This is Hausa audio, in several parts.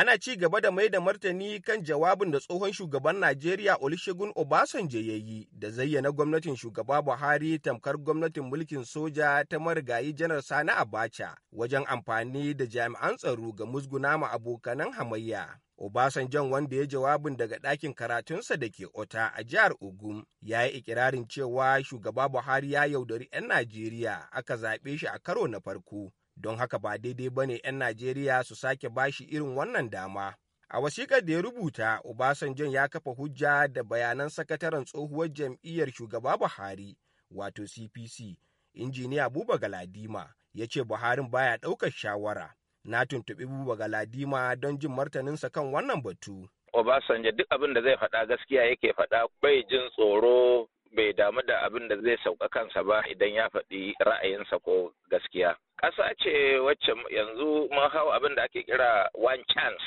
ana ci gaba da mai da martani kan jawabin da tsohon shugaban Najeriya Olusegun Obasanjo ya yi da zayyana gwamnatin shugaba Buhari tamkar gwamnatin mulkin soja ta marigayi janar Sani Abacha wajen amfani da jami'an tsaro ga musguna ma abokanan hamayya. Obasanjo wanda ya jawabin daga ɗakin karatunsa da ke Ota a jihar Ogun ya yi ikirarin cewa shugaba Buhari ya yaudari 'yan Najeriya aka zaɓe shi a karo na farko don haka ba daidai ba ne 'yan Najeriya su sake bashi irin wannan dama. A wasiƙar da ya rubuta, Obasanjon ya kafa hujja da bayanan sakataren tsohuwar jam'iyyar shugaba Buhari, wato CPC, injiniya Buba Galadima, ya ce Buharin baya ɗaukar shawara. Na tuntuɓi Buba Galadima don jin martaninsa kan wannan batu. Obasanjo duk abin da zai faɗa gaskiya yake faɗa bai jin tsoro bai damu da abin da zai sauka kansa ba idan ya faɗi ra'ayinsa ko ƙasa ce wacce yanzu mun hau abin da ake kira one chance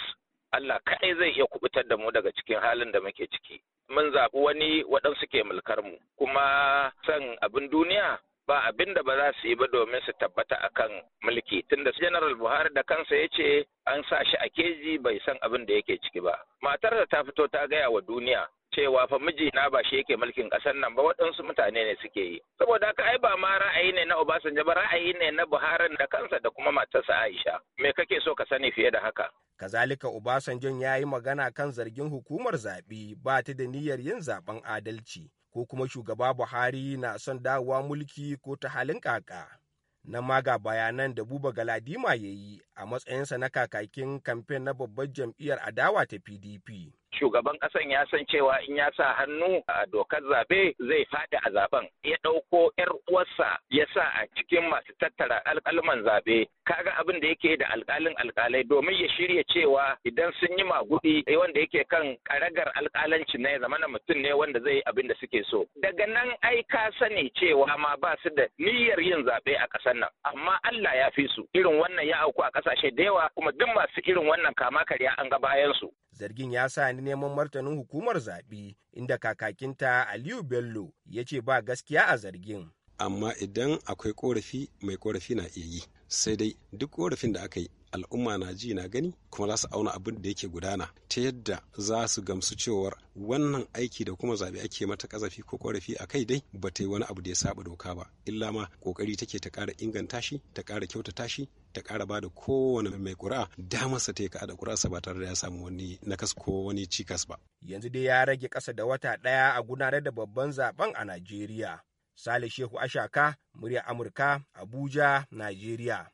Allah kaɗai zai iya kubutar da mu daga cikin halin da muke ciki mun zaɓi wani waɗansu ke mulkar mu kuma san abin duniya ba abin da ba za su yi ba domin su tabbata akan mulki tunda general buhari da kansa ya ce an sa shi a keji bai san abin da yake ciki ba matar da ta fito ta gaya wa duniya cewa fa mijina ba shi yake mulkin ƙasar nan ba waɗansu mutane ne suke yi saboda haka ai ba ma ra'ayi ne na Obasanjo ba ra'ayi ne na Buhari da kansa da kuma matarsa Aisha me kake so ka sani fiye da haka kazalika Obasanjo ya yi magana kan zargin hukumar zaɓe ba ta da niyyar yin zaben adalci ko kuma shugaba Buhari na son dawowa mulki ko ta halin kaka na maga bayanan da Buba Galadima ya yi a matsayinsa na kakakin kamfen na babbar jam'iyyar adawa ta PDP. shugaban ƙasan ya san cewa in ya sa hannu a dokar zaɓe zai faɗi a zaben ya ɗauko 'yar uwarsa ya sa a cikin masu tattara alƙalman zaɓe kaga abin da yake da alƙalin alƙalai domin ya shirya cewa idan sun yi magudi eh, wanda yake kan karagar alƙalanci na zama na mutum ne wanda zai abin da suke so daga nan ai ka sani cewa ma ba su da niyyar yin zaɓe a ƙasar nan amma Allah ya fi su irin wannan ya auku a ƙasashe da yawa kuma duk masu irin wannan kama karya an ga bayan su zargin ya sa ni neman martanin hukumar zaɓi inda kakakinta aliyu bello ya ce ba gaskiya a zargin amma idan akwai korafi mai korafi na iya yi sai dai duk korafin da aka yi al'umma na ji na gani kuma za su auna abin da yake gudana ta yadda za su gamsu cewar wannan aiki da kuma zabe ake mata kazafi ko korafi a kai dai ba ta yi wani abu da ya saba doka ba illa ma kokari take ta ƙara inganta shi ta ƙara kyautata shi ta ƙara ba da kowane mai ƙura damarsa ta yi kaɗa ƙura ba tare da ya samu wani nakas ko wani cikas ba. Yanzu dai ya rage ƙasa da wata ɗaya a gudanar da babban zaben a Najeriya. Sale Shehu Ashaka, murya Amurka, Abuja, Najeriya.